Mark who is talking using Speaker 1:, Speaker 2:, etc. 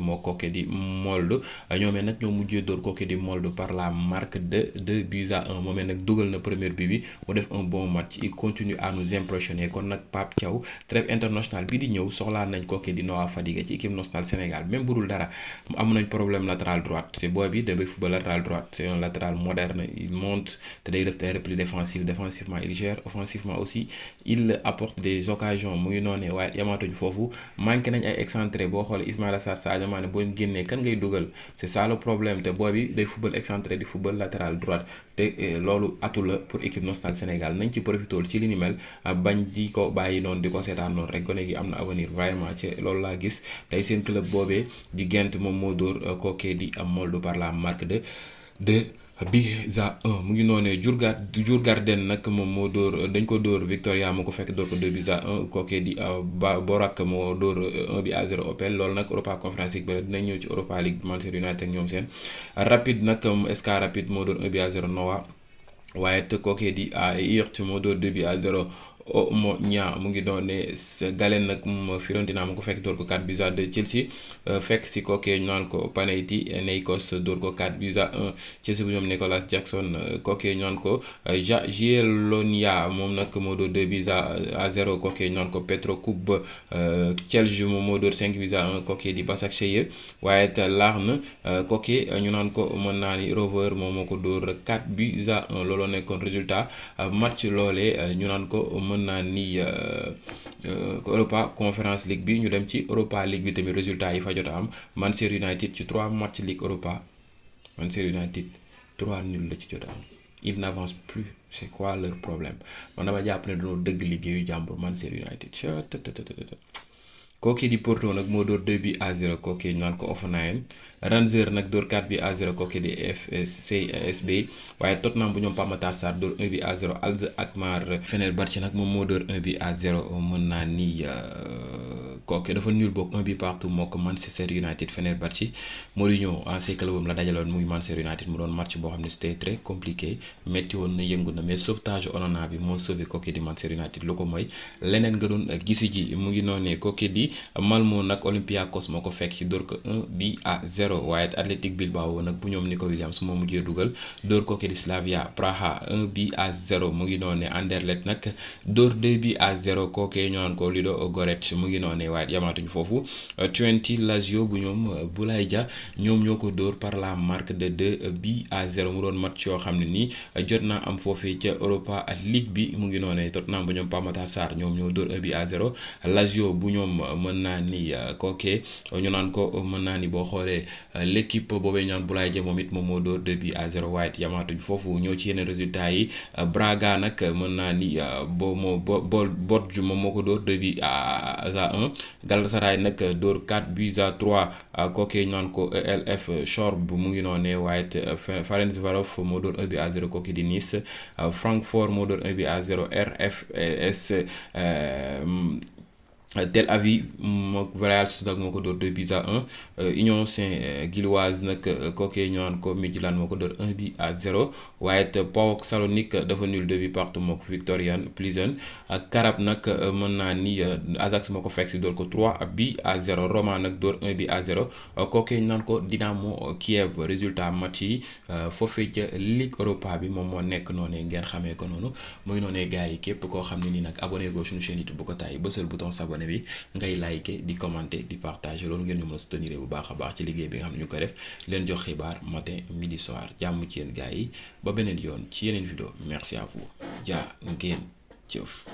Speaker 1: moo Coquet di Molde ñoomee nag ñoo mujjee dóor Coquet di Molde par la marque de deux buts à un moomee nag dugal na première bi mu def un bon match il continue à nous impressionner kon nag Pape Thiaw trêve international bi di ñëw soxlaa nañ Coquet di Noah Fadiga ci équipe nationale Sénégal même burul dara am nañ problème latéral droite c'est booy bi dafay football latéral droite c'est un latéral monte te day repli défensif défensivement il gère maane boo leen génnee kan ngay dugal c' est problème te booy bi day football excentré di football latéral droite te eh, loolu atu la pour équipe nationale Sénégal nañ ci profité ci li ni mel ah, bañ di ko bàyyi noonu di ko seetaan noonu rek gone gi am na avenir vraiment ci loolu laa gis tey seen club boobee di Gent moom moo dóor eh, kookee di am Molde par la marque de. de bi za 1 mu ngi noonee Djurgard Djurgarden nag moom moo dóor dañ ko dóor Victoria moo ko fekk dóor ko 2 bi za 1 kookee di euh, ba Borak moo dóor 1 euh, bi à 0 Opel loolu nag Europa Conference League ba dinañ ñëw ci Europa League Manchester United ñoom seen Rapid nag euh, SK Rapid moo dóor 1 bi à 0 Noah waaye te kookee di à Irt moo dóor 2 bi à 0 Omo oh, Niang mu ngi doone Galen nag moom Fiorentina mu ko fekk dóor ko 4 buts à Chelsea euh, fekk si kookee ñu naan ko Panayti Neykos dóor ko 4 buts à 1 Chelsea bu ñoom Nicolas Jackson euh, kookee ñu naan ko euh, Jagiellonia moom nag moo dóor 2 ko Petro Kub Celje moom moo dóor 5 buts à 1 kookee di Başakşehir waaye it Larne kookee ñu naan ko mën naa ni Rover moom moo ko dóor 4 buts à 1 looloo résultat match loolee ñu naan ko mën mën naa ni euh, euh, Europa conférence league bi ñu dem ci Europa league bi tamit résultat yi fa jot am man Manchester United ci 3 match Ligue Europa Manchester United 3 nul la ci jot a am il n'avance plus c'est quoi leur problème man dama jàpp ne dañoo dëgg liggéeyu jàmbur Manchester United. kookee di Porto nag moo dóor 2 bi à 0 kookee ñu ko Offenheim Rangers nag dóor 4 bi à 0 kookee di FCSB waaye Tottenham bu ñoom Pape Matar Sarr dóor 1 bi à 0 Al Alza Alkmaar Fenerbahçe nag moom moo dóor 1 bi à 0 mën naa ni. Euh, kooke dafa nul boog un bi partout moo ko Manchester United Fenerbahçe Mourinho ancien clubam la dajaloon muy Manchester United mu doon match boo xam ne c'était très compliqué metti woon na yëngu na mais sauvetage Onana bi moo sauvé kooke di Manchester United lu ko mooy leneen nga doon gisi ji mu ngi noonee kooke di Malmo nag Olympiakos moo ko fekk si dóor ko 1 bi à 0 waaye Athletic Bilbao nag bu ñoom Nico Williams moo mujjee dugal dóor kooke waaye yamalaatuñu foofu euh, Twente Lazio bu ñoom euh, Boulaye Dia ñoom ñoo ko dóor par la marque de de euh, bi à mu doon match yoo xam ne nii jot naa am foofee ca Europa League bi mu ngi noonee Tottenham bu ñoom Pape Matar Sarr ñoom ñoo dóor un bi Lazio bu ñoom mën naa ni kookee ñu naan ko mën naa ni boo xoolee l'équipe boobee ñu naan Boulaye moom it moom moo dóor deux bi à zéro foofu ñoo ci yeneen résultat yi Braga nag mën naa ni bo moo bo Bordeaux moom moo ko dóor deux Galatasaray nag dóor 4 buts à trois kookee ñu naan ELF Chorb bu mu ngi noonee waaye it euh, Ferencvarof moo dóor 1 but à 0 kooki di euh, Francfort moo dóor 1 but à 0 RFS e euh, Tel Aviv mook Real Sociedad moo ko dóor 2 buts à 1 euh, Union Saint-Gilloise nag euh, kookee ñëwaan ko Midtjylland moo ko dóor 1 bi à 0 waaye it PAOK Salonique dafa nu 2 buts partout mook Victorian Plizen ak Karab nag euh, mën naa ni Ajax moo ko fekk si door ko 3 buts à 0 Roma nag dóor 1 but à 0 kookee naan ko Dynamo Kiev résultat match yi foofee ca Ligue Europa bi moom moo nekk noonu ngeen xamee ko noonu muy noonu gars yi képp koo xam ne nii nag abonné go suñu chaîne YouTube abonné bi ngay liker di commenter di partage loolu ngeen ñu mën a soutenir bu baax a baax ci liggéey bi nga xam ne ñu ngi koy def leen jox xibaar matin midi soir jàmm ci yéen gars yi ba beneen yoon ci yeneen vidéo merci à vous jaa ngeen jëf.